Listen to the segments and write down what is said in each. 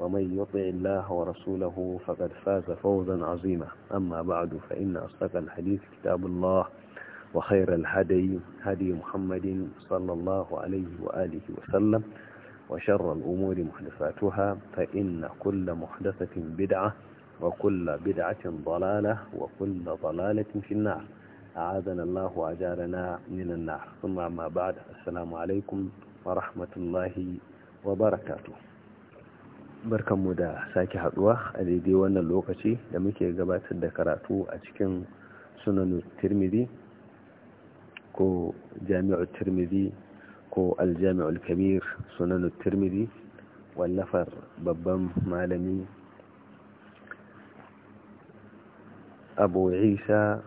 ومن يطع الله ورسوله فقد فاز فوزا عظيما أما بعد فإن أصدق الحديث كتاب الله وخير الهدي هدي محمد صلى الله عليه وآله وسلم وشر الأمور محدثاتها فإن كل محدثة بدعة وكل بدعة ضلالة وكل ضلالة في النار أعاذنا الله وأجارنا من النار ثم ما بعد السلام عليكم ورحمة الله وبركاته barkanmu da sake haduwa a daidai wannan lokaci da muke gabatar da karatu a cikin sunan tirmidhi ko jami'ar tirmidhi ko aljami'ul kabir sunan tirmidhi wallafar babban malami abu isa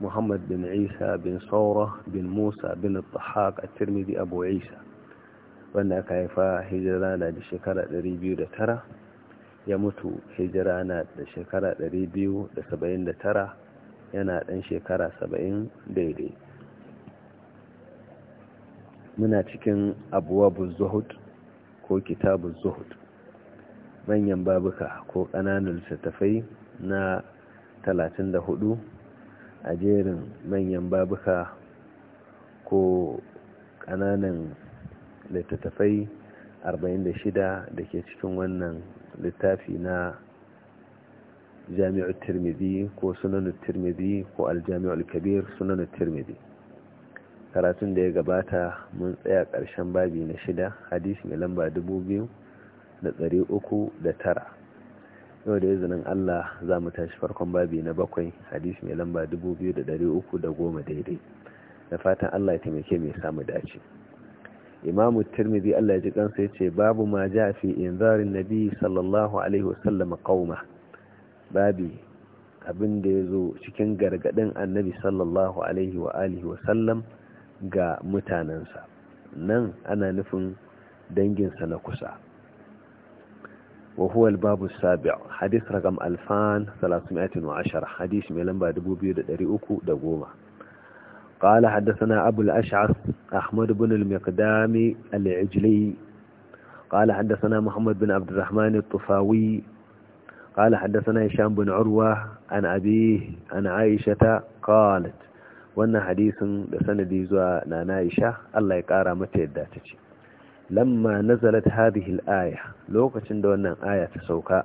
muhammad bin isa bin saura bin musa bin tahaq a tirmidhi abu isa wanda aka haifa hijira na da shekara 209 ya mutu hijira na da shekara 279 yana ɗan shekara 70 daidai muna cikin abuwa zuhud ko kitabu zuhud manyan babuka ko ƙananan littattafai na da hudu a jerin manyan babuka ko ƙananan littattafai 46 da ke cikin wannan littafi na jami'ar tirmidhi ko sunan tirmidhi ko aljami'ul kabir sunan tirmidhi karatun da ya gabata mun tsaya ƙarshen babi na shida hadisi mai lamba tara. yau da izinin Allah za mu tashi farkon babi na bakwai hadisi mai lamba da da 2310 daidai da fatan Allah ya taimake mai samu dace imamu tirmidhi Allah ya ji kansa ya ce babu ma ja fi inzarin nabi sallallahu alaihi wasallam qauma babi abin da ya zo cikin gargadin annabi sallallahu alaihi wa alihi wasallam ga mutanensa nan ana nufin danginsa na kusa وهو الباب السابع حديث رقم 1310 حديث ميلان با 2310 قال حدثنا أبو الأشعر أحمد بن المقدام العجلي قال حدثنا محمد بن عبد الرحمن الطفاوي قال حدثنا هشام بن عروة عن أبيه عن عائشة قالت وأن حديث لسندي نانا نانايشة الله يقارى متى الداتج لما نزلت هذه الآية لوقة دون آية سوكا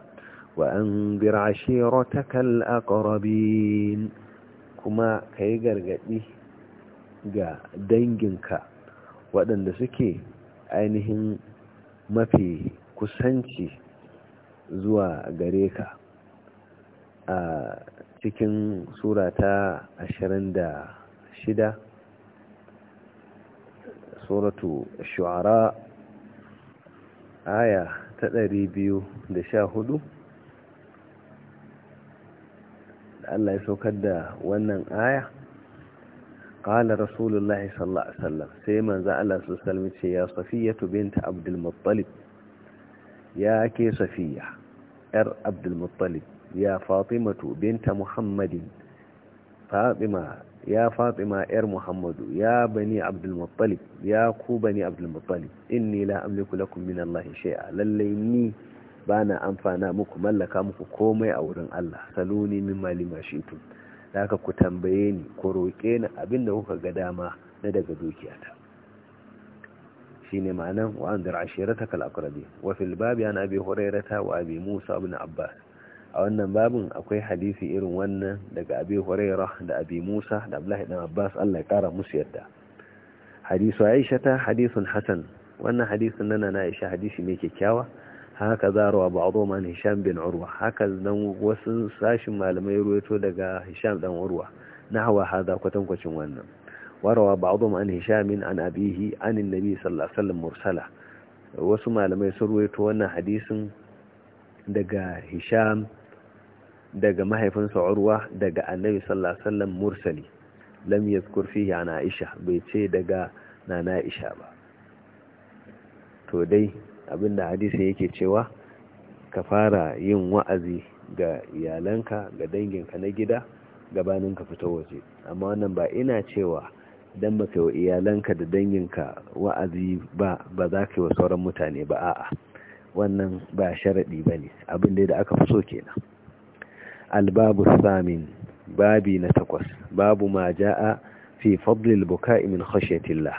وأنذر عشيرتك الأقربين كما كي قرقدي ga danginka waɗanda suke ainihin mafi kusanci zuwa gare ka a cikin sura ta shida suratu shu'ara aya ta biyu da sha hudu Allah ya saukar da wannan aya qala rasulullahi sallallahu alaihi wasallam sai manzo Allah sallallahu alaihi ce ya safiyatu Binta abdul muttalib ya ke safiya yar abdul muttalib ya fatimatu bint muhammadin ya fatima yar muhammadu ya bani abdul muttalib ya ku bani abdul muttalib inni la amliku lakum min allahi shay'a lalle ni bana amfana muku mallaka muku komai a wurin Allah saluni min mali ma shi'tum da aka ku tambaye ni ku roƙe ni abin da kuka ga dama na daga dukiyata shine ma'anan wa an dira ashirata kal aqrabi wa fil babi an abi hurairata wa abi musa ibn abbas a wannan babin akwai hadisi irin wannan daga abi huraira da abi musa da abdullahi ibn abbas Allah ya kara musu yadda hadisu aisha ta hadisun hasan wannan hadisin nana na aisha hadisi ne kyakkyawa haka zarawa ba'dhum an hisham bin urwa haka nan wasu sashin malamai ruwaito daga hisham dan urwa nahwa hada kwatankwacin wannan warawa ba'dhum an hisham an abihi an annabi sallallahu alaihi mursala wasu malamai sun ruwaito wannan hadisin daga hisham daga mahaifinsa urwa daga annabi sallallahu mursali lam yadhkur fihi aisha bai ce daga nana ba to dai Abin abinda hadisi yake cewa ka fara yin wa'azi ga iyalanka ga danginka na gida gabanin ka fita waje amma wannan ba ina cewa dan baka wa iyalanka da danginka wa'azi ba ba za ka yi wa sauran mutane ba a'a wannan ba sharaɗi ba ne abin da aka fi so kenan albabu samin babi na takwas babu ma ja'a fi fadlil buka'i min Tilla.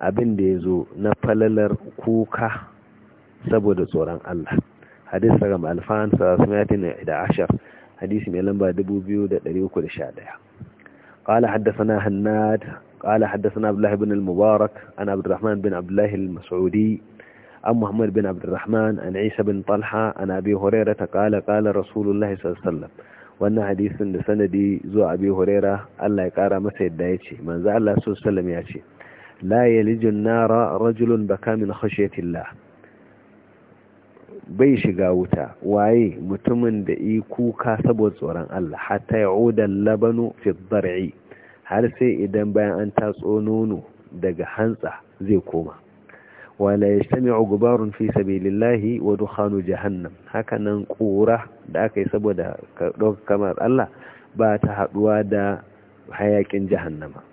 abin da ya zo na falalar kuka saboda tsoron Allah hadis daga malfan sarasmiyatin da ashar hadis mai lamba 2311 haddasa na hannad haddasa na abdullahi bin al-mubarak an abdurrahman bin abdullahi al-mas'udi an muhammad bin abdurrahman an isa bin talha an abi horera ta ƙala ƙala rasulullahi sallallahu wannan hadisin da sanadi zuwa abi horera allah ya ƙara masa yadda ya ce manzo allah sallallahu alaihi wasallam ya ce la yalijun nara rajulun baka min khashiyatillah bai shiga wuta waye mutumin da yi kuka saboda tsoron Allah hatta ya'uda labanu fi dar'i har sai idan bayan an tatso nono daga hantsa zai koma wala yastami'u gubarun fi sabilillahi wa dukhanu jahannam hakanan kura da aka yi saboda kamar Allah ba ta haduwa da hayakin jahannama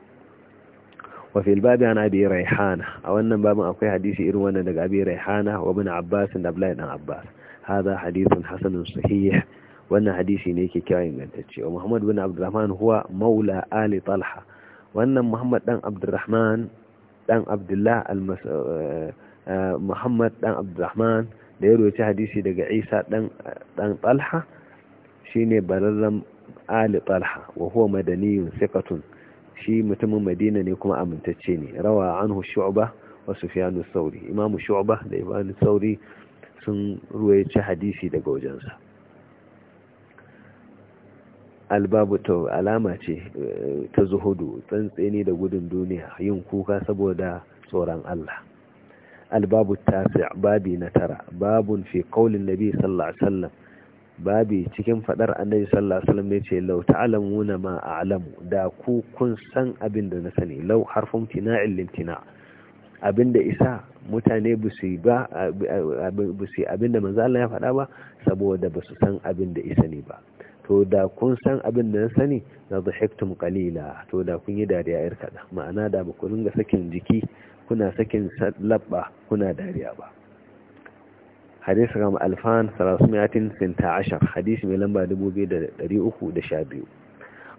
wa fil babi ana bi raihana a wannan babin akwai hadisi irin wannan daga bi raihana wa ibn abbas da bla ibn abbas haza hadisin hasan sahih wannan hadisi ne yake kiyaye mintacce wa muhammad ibn abdurrahman huwa maula ali talha wannan muhammad dan abdurrahman dan eh, eh, da ya rawaye hadisi daga isa dan dan shine balalam ali talha wa huwa madaniyun sikatun shi mutumin madina ne kuma amintacce ne rawa anhu shu'ba wa Sufiyanu sauri imamu shu'ba da imamu sauri sun ruwaice hadisi daga wajensa albabu ta alama ce eh, ta zuhudu tsantseni da gudun duniya yin kuka saboda tsoron Allah albabu tasi babi na tara babun fi kaulin nabi sallallahu alaihi babi cikin fadar annabi sallallahu alaihi wasallam yace law ta'lamuna ma a'lamu da ku kun san abin da na sani law harfun tina'il limtina abinda isa mutane busi ba abinda manzo Allah ya faɗa ba saboda ba su san abin da isa ne ba to da kun san abin da na sani na dhahiktum qalila to da kun yi dariya yar da ma'ana da ba ku ringa sakin jiki kuna sakin labba kuna dariya ba hadis ram alfan ashar hadis mai lamba 2312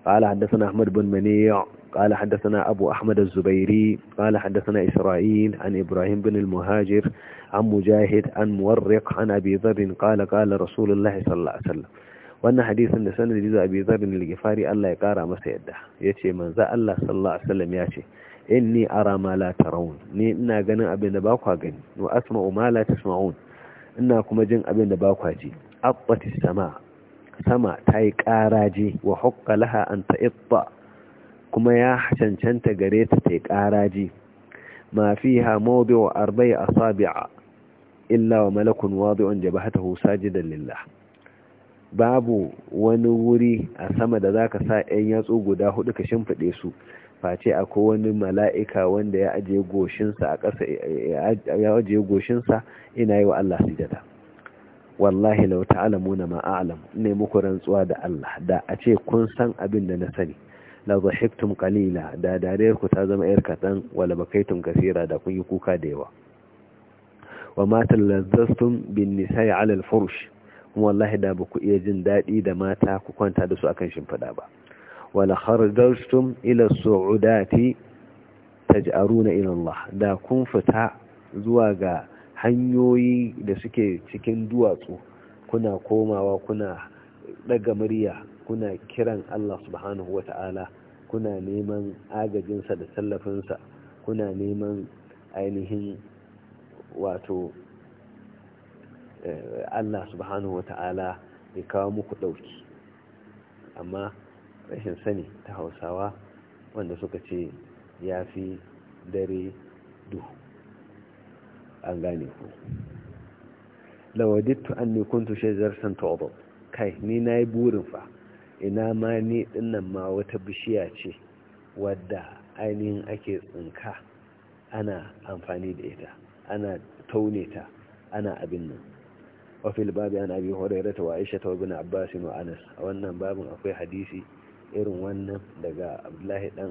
قال حدثنا أحمد بن منيع قال حدثنا أبو أحمد الزبيري قال حدثنا إسرائيل عن إبراهيم بن المهاجر عن مجاهد عن مورق عن أبي ذر قال قال رسول الله صلى الله عليه وسلم wannan hadisin da sanar da Abi Dharr al-Ghifari Allah ya kara masa yadda yace manza Allah sallallahu alaihi wasallam yace ni ara ma la tarawun ni ina ganin abin da ba ku gani wa asma'u ma la ina kuma jin abin da ba kwa ji abbati sama sama ta yi ƙaraje wa hukka laha an ta'ibba kuma ya cancanta gare ta ta yi ƙaraje ma fi ha mawadi wa arba'i a sabi'a illa wa malakun wadi on jabahata husa jidan lillah babu wani wuri a sama da za ka sa 'yan yatsu guda hudu ka shimfiɗe su face ko wani mala'ika wanda ya aje goshinsa a ƙasa ya aje goshinsa ina yi wa Allah sujada wallahi law ta'lamuna ma a'lam ne muku rantsuwa da Allah da a ce kun san abin da na sani la dhahiktum qalila da dariyar ku ta zama yar kadan wala bakaitum kaseera da kun yi kuka da yawa wa ma talazzastum bin nisa'i 'ala al-furush wallahi da ba iya jin daɗi da mata ku kwanta da su akan shimfiɗa ba wala kharajtum ila su'udati taj'aruna ila Allah da kun fita zuwa ga hanyoyi da suke cikin duwatsu kuna komawa kuna daga murya kuna kiran Allah subhanahu wata'ala kuna neman agajinsa da tallafinsa kuna neman ainihin wato Allah subhanahu wata'ala ya kawo muku ɗauki amma rashin sani ta hausawa wanda suka ce ya fi dare duhu an gane ku lawadittu an ne kuntu shaidar santobo kai ni na yi burin fa ina ma ni dinnan ma wata bishiya ce wadda ainihin ake tsinka ana amfani da ita ana taune ta ana abin nan wafil babi an abi horaira ta wa aisha ta wa abbasin wa anas a wannan babin akwai hadisi irin wannan daga abdullahi dan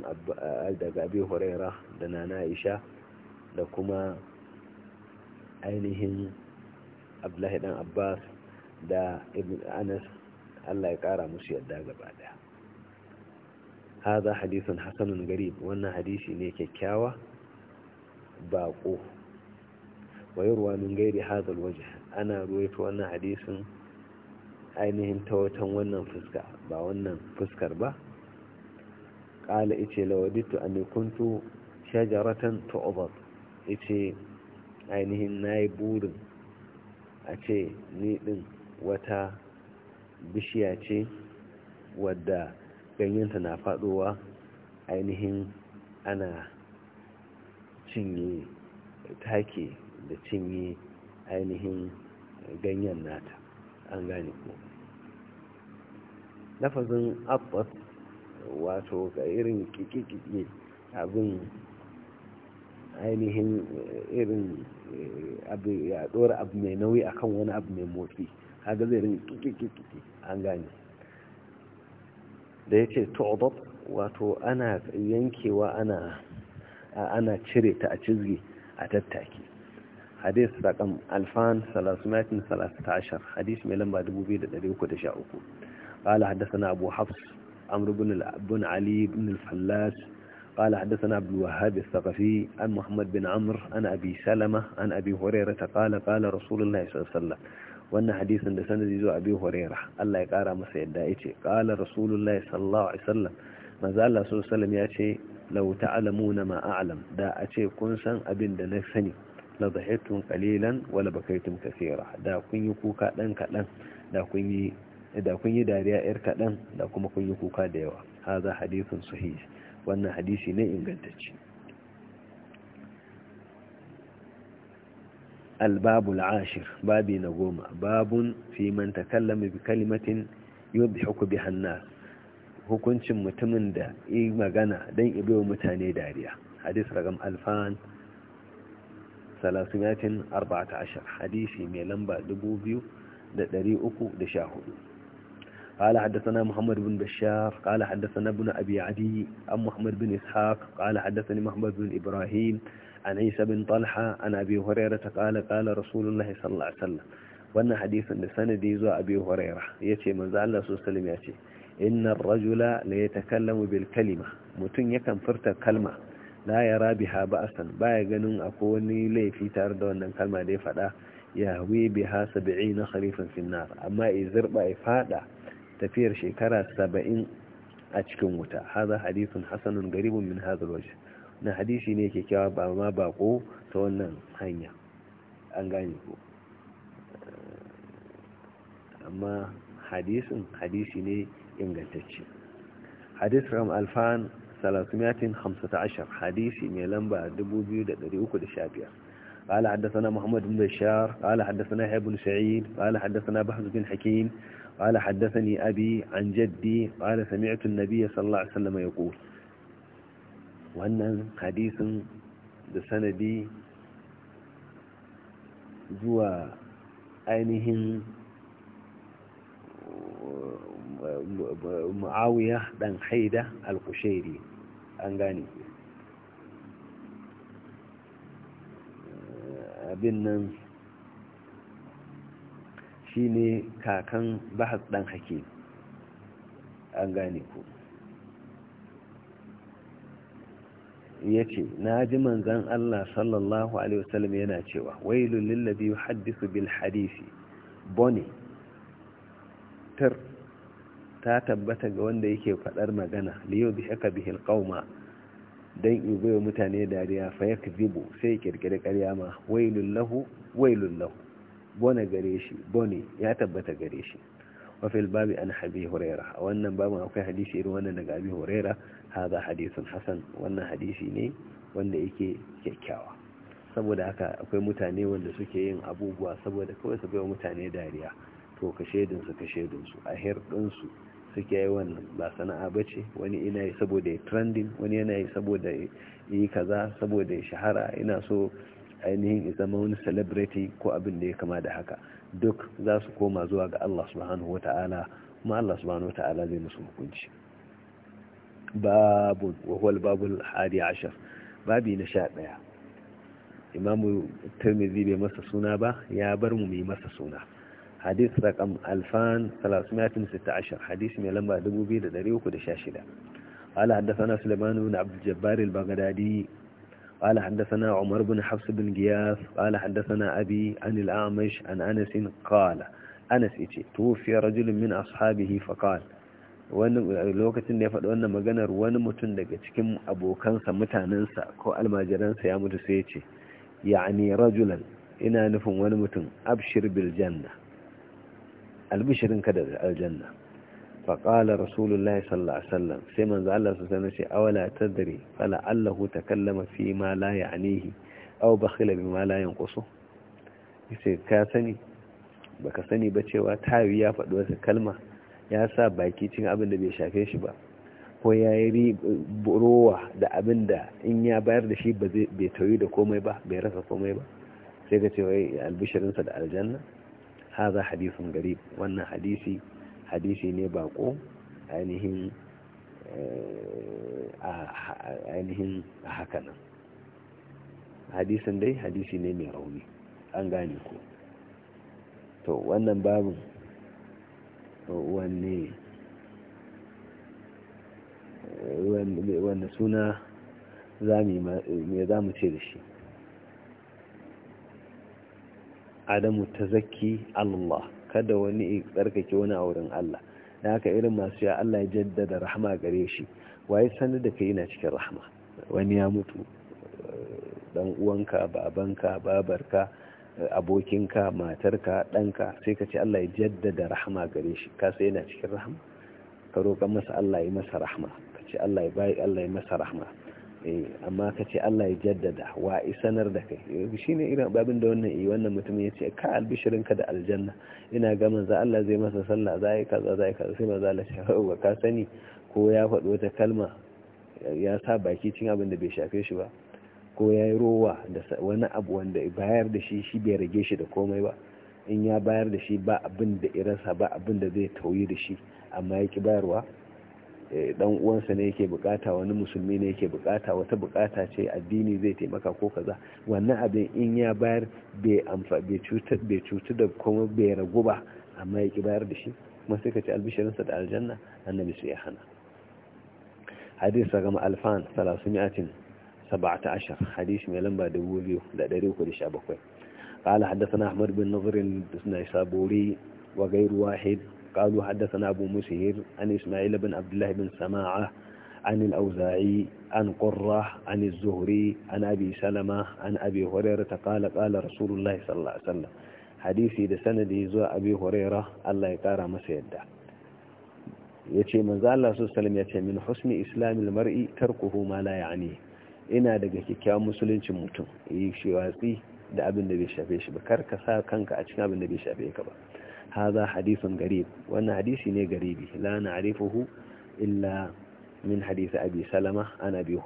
daga abi huraira da nana aisha da kuma ainihin abdullahi dan abbas da ibn anas allah ya kara musu yadda gaba daya haza hadisun hasanun gari wannan hadisi ne kyakkyawa baƙo wayarwa min gairi hazal waje ana ruwaito wannan hadisin ainihin ta watan wannan fuska ba wannan fuskar ba ƙala ice lawadittu a kuntu shajaratan tu'ubar ice ainihin na yi burin a ce ni ɗin wata bishiya ce wadda ganyenta na faɗowa ainihin ana cinye take da cinye ainihin ganyen nata an gane kuma lafazin abbas wato ga irin kikikiki abin ainihin eh, irin eh, abu ya dora abu mai nauyi akan wani abu mai motsi haga zai rin kikikiki an gane da ya ce tu'adab wato ana yankewa ana ana cire ta a cizgi a tattaki hadis rakam alfan 313 hadis mai lamba 2313 قال حدثنا أبو حفص عمرو بن, بن علي بن الفلاس قال حدثنا عبد الوهاب الثقفي عن محمد بن عمرو عن أبي سلمة عن أبي هريرة قال قال رسول الله صلى الله عليه وسلم wannan hadisin da sanadi zuwa abi Allah ya kara masa yadda ya ce qala rasulullahi sallallahu alaihi wasallam manzo Allah sallallahu alaihi ma a'lam da a ce kun san abin da na sani la dhahitun wala wa la bakaytum kaseera da kun yi kuka dan da kun yi da kun yi dariya yar kaɗan da kuma kun yi kuka da yawa haza hadithun sahih wannan hadisi ne ingantacce الباب na goma babun fi man takallama bi kalimatin يضحك بها الناس hukuncin mutumin da yi magana dan ibe mutane dariya hadis ragam alfan 314 hadisi mai lamba da 314 قال حدثنا محمد بن بشار قال حدثنا ابن أبي عدي أم محمد بن إسحاق قال حدثني محمد بن إبراهيم عن عيسى بن طلحة عن أبي هريرة قال قال رسول الله صلى الله عليه وسلم وأن حديث النسان ديزو أبي هريرة يتي من زعل الله صلى الله عليه وسلم يتي إن الرجل ليتكلم بالكلمة متن يكن فرت كلمة لا يرى بها بأسا باي قنون أكوني لي في تارد وأن كلمة دي فلا يهوي بها سبعين خريفا في النار أما إذر إذرب إفادة tafiyar shekara saba'in a cikin wuta haza hadisun hasanun garibun min hazar waje na hadisi ne kyakkyawa ba ma bako ta wannan hanya an gane ku amma hadisun hadisi ne ingantacce hadis ram alfan 315 hadisi mai lamba 2315 قال حدثنا محمد بن بشار قال حدثنا ابن سعيد قال حدثنا بحث بن حكيم قال حدثني أبي عن جدي قال سمعت النبي صلى الله عليه وسلم يقول وأن حديث بسندي zuwa ainihin mu'awiya dan haida al-kushairi an gane abin nan Shi ne kakan bahas ɗan hake an gane ku ya ce na ji manzan Allah sallallahu Alaihi wasallam yana cewa wailun lillabi haddisu bil hadisi boni tir ta tabbata ga wanda yake faɗar magana liyo bi shaka bihil qauma dan igoyo mutane dariya fa yakzibu sai kirkire ƙarya ma wailun lahu wailun lahu bone gare shi bone ya tabbata gare shi wafil babi an habi huraira a wannan babu akwai hadisi irin wannan daga abi huraira haza hadisun hasan wannan hadisi ne wanda yake kyakkyawa saboda haka akwai mutane wanda suke yin abubuwa saboda kawai su bai mutane dariya to ka shaidin su ka su a her din su suke yi wannan ba sana'a bace wani ina yi saboda trending wani yana yi saboda yi kaza saboda shahara ina so ainihin isa zama wani celebrity ko abin da ya kama da haka duk za su koma zuwa ga Allah subhanahu wata'ala kuma Allah subhanahu wata'ala zai musu hukunci babu wahuwal babul hadi ashar babi na sha ɗaya imamu tirmidhi bai masa suna ba ya bar mu mai masa suna hadith rakam alfan 316 hadith mai lamba 2316 قال حدثنا سليمان بن عبد الجبار البغدادي قال حدثنا عمر بن حفص بن جياث قال حدثنا أبي عن الأعمش عن أنس قال أنس إتي توفي رجل من أصحابه فقال lokacin da ya faɗi wannan maganar wani mutum daga cikin abokansa mutanensa ko almajiransa ya mutu sai ce ya'ani rajulan ina nufin wani mutum abshir bil da aljanna فقال رسول الله sai الله عليه وسلم سيمن ذا الله سبحانه وتعالى أولا تدري فلعله تكلم فيما لا يعنيه أو بخل بما لا ينقصه yace ka sani baka sani ba cewa tawi ya faɗi wata kalma ya sa baki cin abin da bai shafe shi ba ko ya yi rowa da abin da in ya bayar da shi bai tauyi da komai ba bai rasa komai ba sai ka ce wai albishirinsa da aljanna haza hadisin garib wannan hadisi hadisi ne bako ainihin eh, a haka hakanan hadisin dai hadisi ne mai rauni an gane ko to wannan babu wanne wanne suna za mu ce da shi adamu ta zaki allah kada wani tsarkake wani a wurin Allah da haka irin masu ya Allah ya jaddada rahama gare shi waye sanar da kai na cikin rahama wani ya mutu eh, dan uwanka babanka babarka eh, abokinka matarka danka sai ka ce Allah ya jaddada rahama gare shi ka sai yana cikin rahama ka roƙa masa Allah ya masa rahama ka ce Allah ya bai Allah ya masa rahama Eh, amma ka ce Allah ya jaddada wa isanar da kai eh, shi ne irin babin da wannan iya eh, wannan mutum ya ce ka ka da aljanna ina ga za Allah zai masa sallah za yi kaza za yi kaza sai manzo Allah ya ce ka sani ko ya faɗi wata kalma ya sa baki cin abin da bai shafe shi ba ko ya yi rowa da wani abu wanda bayar da shi shi bai rage shi da komai ba in ya bayar da shi ba abin da irasa ba abin da zai tauye da shi amma ya ki bayarwa Eh, dan uwansa ne yake bukata wani musulmi ne yake bukata wata bukata ce addini zai taimaka ko kaza wannan abin in ya bayar bai amfa bai cutar bai cutar da kuma bai ragu ba amma ya ki bayar da shi kuma sai ka ci albishirinsa da aljanna annabi sai ya hana hadisi ga alfan 317 hadisi mai lamba 2317 قال حدثنا أحمد بن نظر النيسابوري وغير واحد قالوا حدثنا أبو مسهر عن إسماعيل بن عبد الله بن سماعة عن الأوزاعي عن قرة عن الزهري عن أبي سلمة عن أبي هريرة قال قال رسول الله صلى الله عليه وسلم حديثي da زوى أبي هريرة الله يقارى ما سيدا يتي من ذا الله صلى الله alaihi yace min husni islamil mar'i tarkuhu ma la ya'ni ina daga kikkiawar musuluncin mutum yi shi da abin da bai shafe shi ba kar ka sa kanka a cikin abin da bai shafe ka ba haza حديث غريب wannan hadisi ne garibi la نعرفه الا min حديث ابي salama انا ابي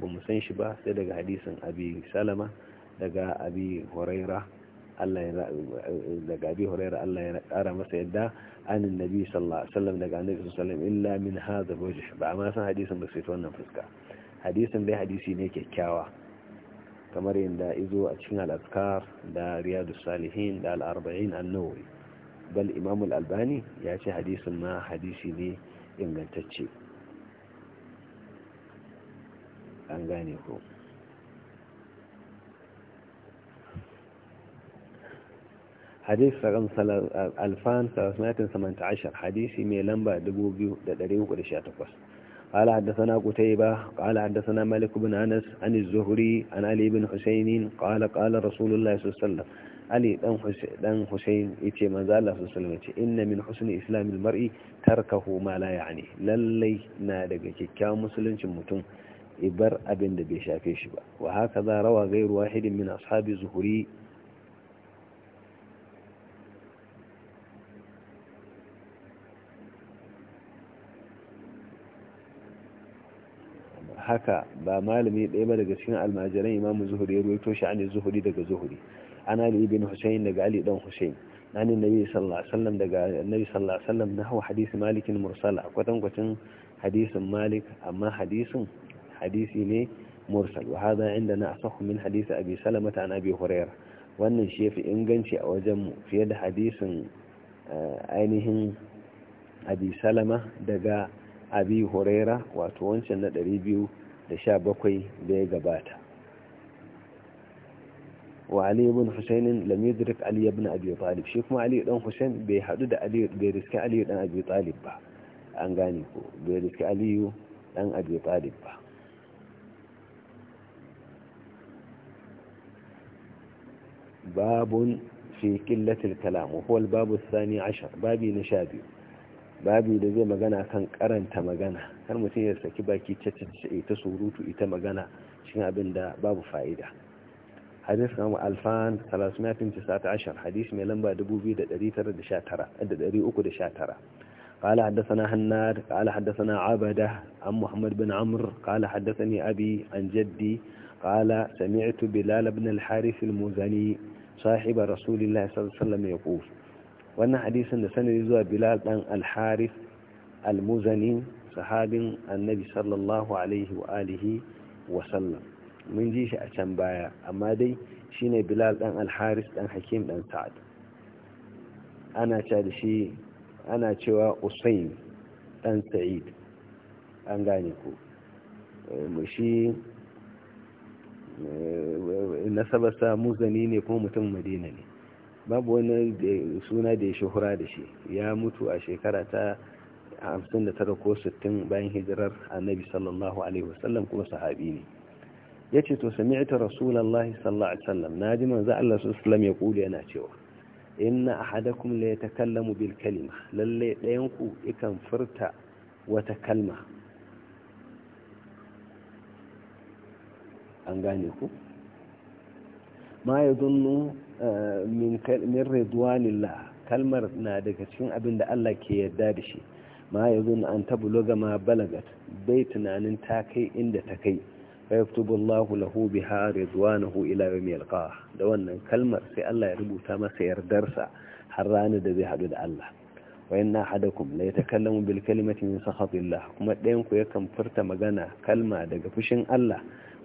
ba mu san shi ba sai daga hadisin abi salama daga abi huraira Allah ya daga kara masa yadda an annabi sallallahu alaihi wasallam daga annabi sallallahu illa min hadha wajh ba ma san hadisin ba sai ta wannan fuska hadisin bai hadisi ne kyakkyawa kamar yadda izo a cikin al-azkar da riyadus salihin da al-arba'in an-nawawi bal imamul albani ya ce hadisun ma hadisi ne ingantacce an gane ko hadis ran alfan 1918 hadisi mai lamba 2,318 قال حدثنا قتيبة قال حدثنا مالك بن أنس عن الزهري عن علي بن حسين قال قال رسول الله صلى الله عليه وسلم ali dan hussein ya ce manzo Allah su salama ce inna min husni islamil mar'i tarkahu ma la ya'ni lallai na daga kyakkyawan musuluncin mutum ibar abin da bai shafe shi ba wa haka za rawa gairu wahidin min ashabi zuhuri haka ba malami ɗaya ba daga cikin almajiran imamu zuhuri ya ruwaito shi ne zuhuri daga zuhuri an ali bin husayn daga ali dan husayn an nabi sallallahu alaihi wasallam daga annabi sallallahu alaihi wasallam nahwa hadisi malik mursala a kwatankwacin hadisin malik amma hadisin hadisi ne mursal wa hada indana asahhu min hadisi abi salama an abi hurairah wannan shi yafi inganci a wajen mu fiye da hadisin ainihin abi salama daga abi wato wancan na 217 da ya gabata wa بن حسين لم يدرك علي بن أبي طالب bai hadu da ali bai riski dan abi talib ba an gane ko bai riski ali dan abi ba babun babi da zai magana kan karanta magana har mutum ya saki baki ta ta surutu ita magana cikin abin da babu fa'ida hadis namu alfan 319 hadis mai lamba 2919 قال حدثنا هناد قال حدثنا عبده عن محمد بن عمرو قال حدثني أبي عن جدي قال سمعت بلال بن الحارث المزني صاحب رسول الله صلى الله عليه وسلم يقول وانا حديثا لسنة زوى بلال بن الحارث المزني صحاب النبي صلى الله عليه وآله وسلم mun ji shi a can baya amma dai shine bilal dan alharis dan hakim dan sa'ad ana cewa da shi ana cewa usain dan sa'id an gane ku eh, shi eh, nasabarsa muzani ne kuma mutum madina ne babu wani suna da ya shahura da shi ya mutu a shekara ta 59 ko sittin bayan hijirar annabi sallallahu alaihi wasallam kuma sahabi ne ya ce to sami ita rasulallah sallallahu alaihi wasallam naji manzo Allah sallallahu alaihi ya kula yana cewa inna ahadakum la yatakallamu bil kalima lalle dayan ku ikan furta wata kalma an gane ku ma dunnu eh, min min ridwanillah kalmar na daga cikin abinda Allah ke yarda da shi ma yadunnu an ga ma balagat bai tunanin ta kai inda ta kai فيكتب الله له بها رضوانه إلى يوم يلقاه da wannan kalmar sai Allah ya rubuta masa yardarsa har ranar da zai hadu da Allah wa inna hadakum la yatakallamu bil kalimati min sakhatillah kuma ɗayan ku yakan furta magana kalma daga fushin Allah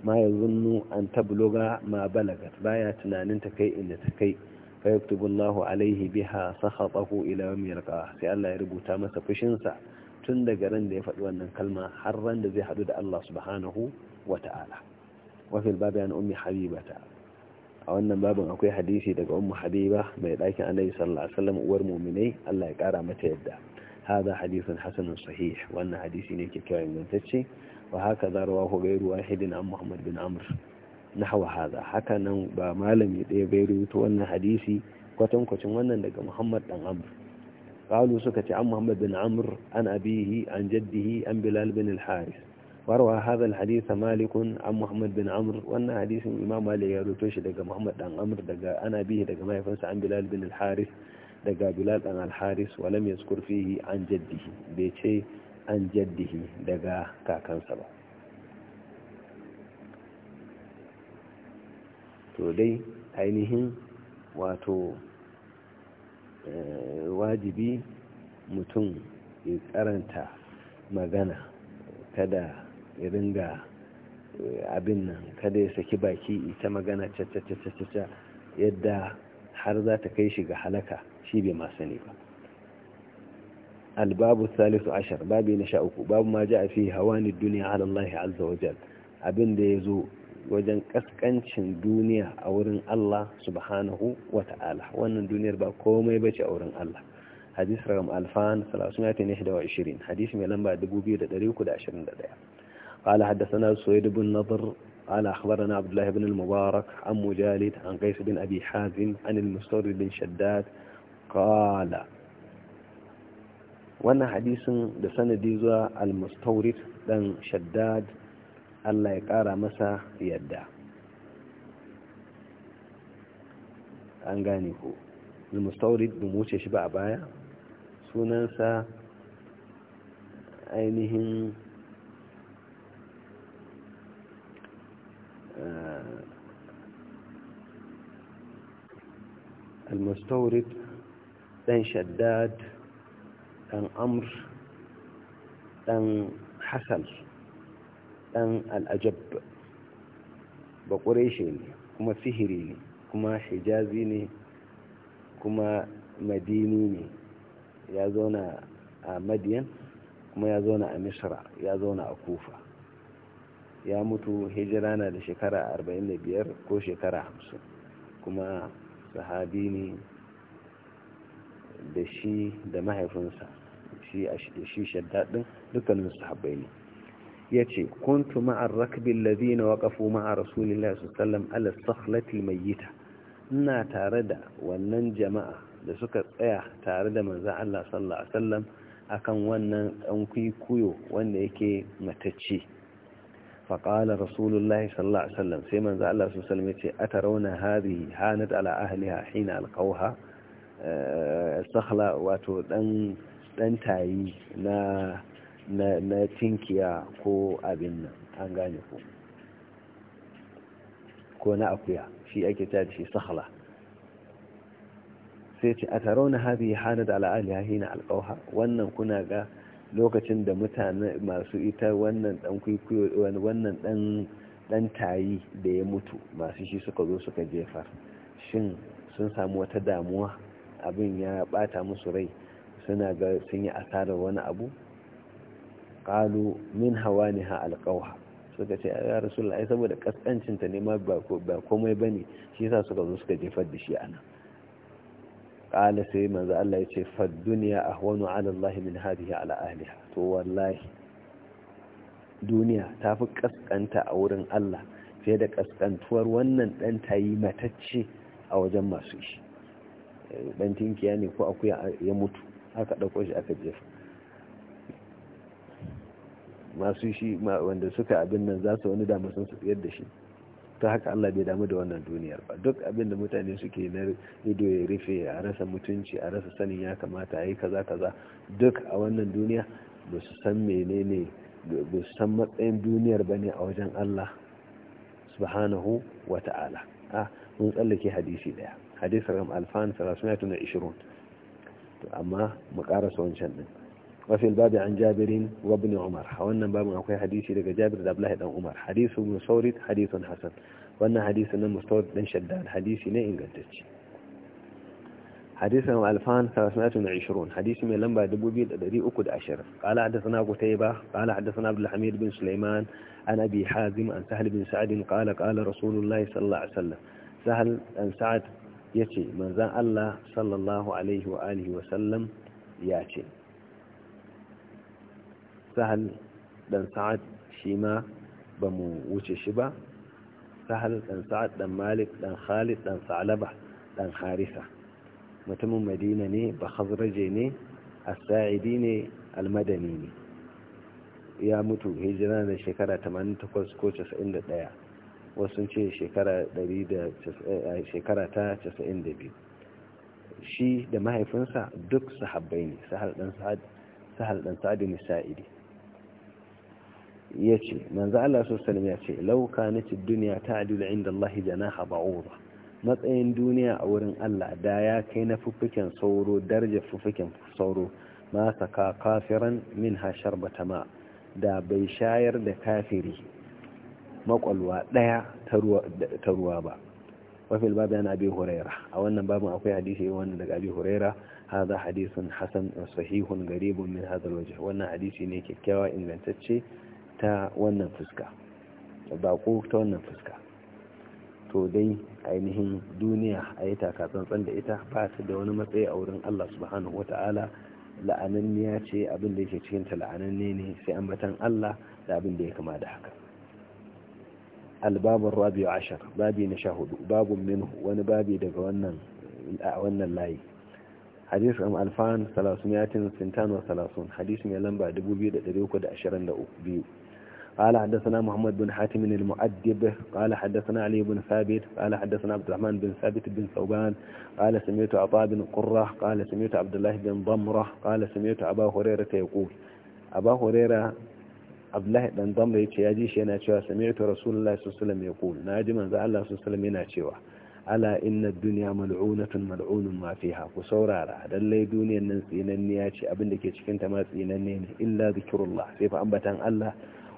ma yazunnu an tabluga ma balaga baya tunanin ta kai inda ta kai fa yaktubu Allah alaihi biha sakhatahu ila yawm yalqah sai Allah ya rubuta masa fushinsa tun daga ran da ya faɗi wannan kalma har ran da zai hadu da Allah subhanahu wa ta'ala wa fil babi an ummi habibata a wannan babin akwai hadisi daga ummu habiba mai ɗakin annabi sallallahu alaihi wasallam uwar mu'minai Allah ya ƙara mata yadda hada hadisin hasanun sahih wannan hadisi ne kyakkyawan ingantacce wa haka za rawahu gairu wahidin an muhammad bin amr nahwa hada haka nan ba malami ɗaya bai ta wannan hadisi kwatankwacin wannan daga muhammad dan suka ce an عن bin Amur an abihi an jaddihi an bilal bin al الحارث warwa hadha alhadith malik an muhammad bin amr wannan hadisin imam malik ya roto shi daga muhammad dan amr daga ana bihi daga mahaifinsa an bilal bin al-haris daga bilal dan al-haris wa lam yazkur fihi an jaddihi bai ce an jaddihi daga kakansa ba to dai ainihin wato wajibi mutum ya karanta magana kada ya ringa eh, abin nan kada ya saki baki ita magana caca yadda har za ta kai shi ga halaka shi bai ma sani ba albabu salisu ashar babu na sha uku babu ma ja a fi hawani duniya halallahi azza wajal abin da ya zo wajen kaskancin duniya a wurin Allah subhanahu wa ta'ala wannan duniyar ba komai ba ce a wurin Allah hadis ragam alfan 20 hadis mai lamba 2321 قال حدثنا سويد بن نضر قال أخبرنا عبد الله بن المبارك عن مجالد عن قيس بن أبي حازم عن المستور بن شداد قال وانا حديث دسنة ديزا المستورد بن شداد ألا يقار مسا يدا أنغاني هو المستورد بموت يشبع بايا سونانسا أينهم al ɗan shaddad ɗan amr ɗan hasal, ɗan al'ajab, ajab ba ƙureshe ne kuma sihiri ne kuma hijazi ne kuma madini ne ya zauna a madiyan kuma ya zauna a misra ya zauna a kufa ya mutu hijira na da shekara arba'in da biyar, ko shekara hamsin, kuma sahabi ne da shi da mahaifinsa shi shaddadin dukkanin sahabbai ne ya ce kuntu ma'ar rakbin lazina waƙafu ma'a rasulillah su sallam ala sakhlati ina tare da wannan jama'a da suka tsaya tare da manzan Allah sallallahu Alaihi wasallam akan wannan ɗan kwikwiyo wanda yake matacce faƙala rasulullahi sallallahu alaihi wasallam sai manzo Allah su salme ce a tarauna hadhihi hanat ala ahliha hina alqawha sakhla wato dan tayi na na ko abin nan an gane ko ko na akuya shi ake ta shi sakhla sai ce a tarauna hadhihi hanat ala ahliha hina alqawha wannan kuna ga lokacin da mutane masu ita wannan dan kwaikwayo wannan dan dan tayi da ya mutu masu shi suka zo suka jefa shin sun samu wata damuwa abin ya bata musu rai suna ga sun yi asarar wani abu qalu min hawaniha alqawha suka ce ya rasulullahi saboda kaskancin ta ne ma ba komai bane shi yasa suka zo suka jefar da shi anan kala sai manzo Allah ya ce fa duniya ahwanu ala Allah min hadhihi ala ahliha to wallahi duniya tafi fi kaskanta a wurin Allah fiye da kaskantuwar wannan dan tayi matacce a wajen masu shi dan tinkiya ne ko akuya ya mutu aka dauko shi aka jefa masu shi wanda suka abin nan za su wani damar sun su tsayar da shi ta haka Allah bai damu da wannan duniyar ba duk abin da mutane suke na ido ya rufe a rasa mutunci a rasa sanin ya kamata a yi kaza kaza duk a wannan duniya ba su san menene ba su san matsayin duniyar ba ne a wajen Allah subhanahu wa ta'ala a mun tsallake hadisi daya hadis ram alfan 320 to amma mu karasa wancan din وفي الباب عن جابر وابن عمر وأن باب أقوى حديثي لك جابر لأبلاه بن عمر حديث ابن صورت حديث حسن وأن حديث ابن مستورد بن شدان حديثي لا ينقدش حديث ألفان ثلاثمائة وعشرون حديث من لمبا دبوبي الذي أكد أشر قال حدثنا قتيبة قال حدثنا عبد الحميد بن سليمان عن أبي حازم عن سهل بن سعد قال قال رسول الله صلى الله عليه وسلم سهل أن سعد يتي من ذا الله صلى الله عليه وآله وسلم ياتي sahal dan sa'ad shi ma ba mu wuce shi ba sahal dan sa'ad dan malik dan khalid dan salaba dan harisa mutumin madina ne ba khazraje ne as-sa'idi ne al-madani ne ya mutu hijira da shekara 88 ko 91 wasu sun ce shekara 100 eh, shekara ta 92 shi da mahaifinsa duk sahabbai ne sahal dan sa'ad sahal dan sa'ad ne sa'idi ya ce manzo Allah sallallahu ya ce law kanat ta dunya ta'dilu 'inda Allah janaha ba'udha matsayin duniya a wurin Allah da ya kai na fuffuken sauro daraja fuffuken sauro ma saka kafiran minha sharbata ma da bai shayar da kafiri makwalwa daya ta ruwa ba wafil babu yana abi huraira a wannan babu akwai hadisi wannan daga abi huraira hada hadisun hasan sahihun garibun min hadal waje wannan hadisi ne kyakkyawa ingantacce ta wannan fuska bako ta wannan fuska to dai ainihin duniya a yi takatsantsan da ita ba ta da wani matsayi a wurin Allah subhanahu wa ta'ala la'ananniya ce abin da yake cikin ta la'ananne ne sai ambatan Allah da abin da ya kama da haka albabun rabi'u ashar babi na sha hudu babu min wani babi daga wannan wannan layi hadis am alfan salasumiyatin sintan wa salasun hadis mai lamba 2323 قال حدثنا محمد بن حاتم المؤدب قال حدثنا علي بن ثابت قال حدثنا عبد الرحمن بن ثابت بن ثوبان قال سمعت عطاء بن قرة قال سمعت عبد الله بن ضمرة قال سمعت أبا هريرة يقول أبا هريرة عبد الله بن ضمرة يجي شينا شوى سمعت رسول الله صلى الله عليه وسلم يقول ناجي من ذا الله صلى الله عليه وسلم ينا شوى ألا إن الدنيا ملعونة ملعون ما فيها كسورارا للي دنيا ننسينا نياتي أبنك يشكنت ما سينا إلا ذكر الله سيف أنبتان الله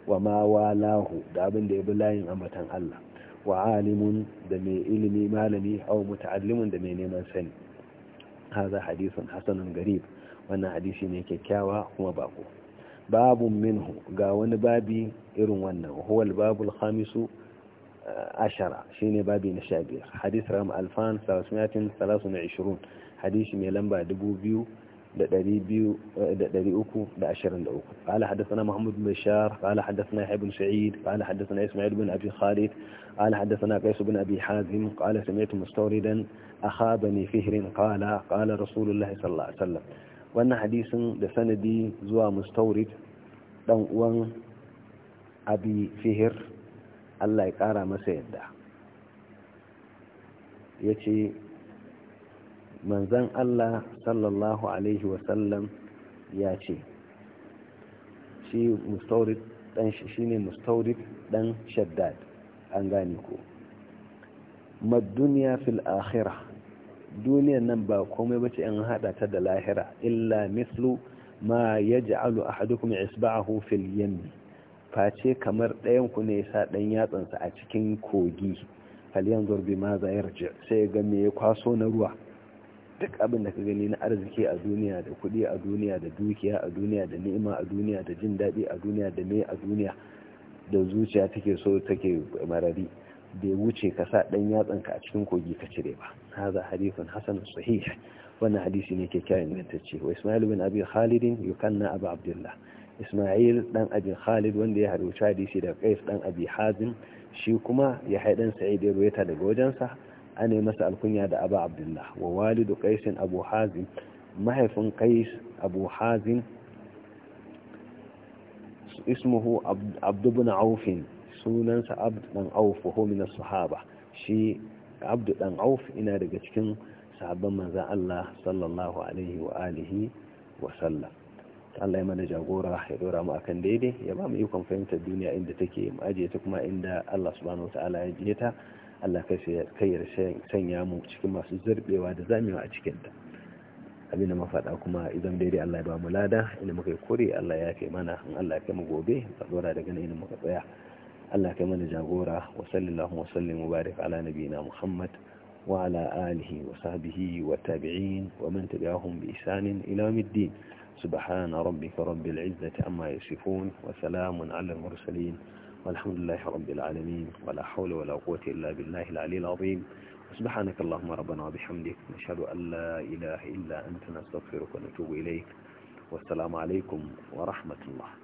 wa ma walahu da abin da ya bi layin ambatan Allah wa alimun da mai ilimi malami aw muta'allimun da mai neman sani haza hadisun hasanun garib wannan hadisi ne kyakkyawa kuma bako babu minhu ga wani babi irin wannan huwal babul khamisu eh, ashara shine babi na sha biyar hadis ram alfan 323 hadisi mai lamba 2000 قال حدثنا محمد بن بشار قال حدثنا يحيى بن سعيد قال حدثنا اسماعيل بن ابي خالد قال حدثنا قيس بن ابي حازم قال سمعت مستوردا اخا بني فهر قال قال رسول الله صلى الله عليه وسلم وان حديث لسندي زوا مستورد دان وان ابي فهر الله يقرا مسا يدا yace manzan Allah sallallahu alaihi wasallam ya ce shi mustaurid dan shi ne mustaurid dan shaddad an gane ko duniya fil akhirah duniyan nan ba komai bace in hada ta da lahira illa mislu ma yaj'alu ahadukum isba'ahu fil yammi face kamar ɗayan ku ne sa dan yatsansa a cikin kogi fal yanzur ma za yarji sai ga me ya kwaso na ruwa duk abin da ka gani na arziki a duniya da kudi a duniya da dukiya a duniya da ni'ima a duniya da jin daɗi a duniya da me a duniya da zuciya take so take marari bai wuce ka sa ɗan ka a cikin kogi ka cire ba haza hadithun hasan sahih wannan hadisi ne ke kyawun mintacce wa ismail bin abi khalidin yukanna abu abdullah ismail dan abi khalid wanda ya haɗu hadisi da qais dan abi hazim shi kuma ya haidan sa'id ya ruwaita daga wajensa ana masa alkunya da abu abdullah wa walidu kaisin abu hazin mahaifin qais abu hazin ismuhu abdu ibn sunansa abdu dan auf sahaba shi abdu dan auf ina daga cikin sahabban manza Allah sallallahu alaihi wa alihi wa sallam Allah ya mana jagora ya dora mu akan daidai ya ba mu ikon fahimtar duniya inda take mu ta kuma inda Allah subhanahu wa ta'ala ya jiye ta Allah kai ya sanya mu cikin masu zurbewa da zamewa a cikinta abin da mafaɗa kuma idan daidai Allah ya ba mu lada inda muka yi kore Allah ya kai mana in Allah kai mu gobe ka tsora daga nan inda muka tsaya Allah kai mana jagora wa sallallahu wa sallim wa barik ala nabiyina Muhammad wa ala alihi wa sahbihi wa tabi'in wa man tabi'ahum bi isanin ila yawmiddin subhana rabbika rabbil izzati amma yasifun wa salamun ala mursalin والحمد لله رب العالمين ولا حول ولا قوة إلا بالله العلي العظيم سبحانك اللهم ربنا وبحمدك نشهد أن لا إله إلا أنت نستغفرك ونتوب إليك والسلام عليكم ورحمة الله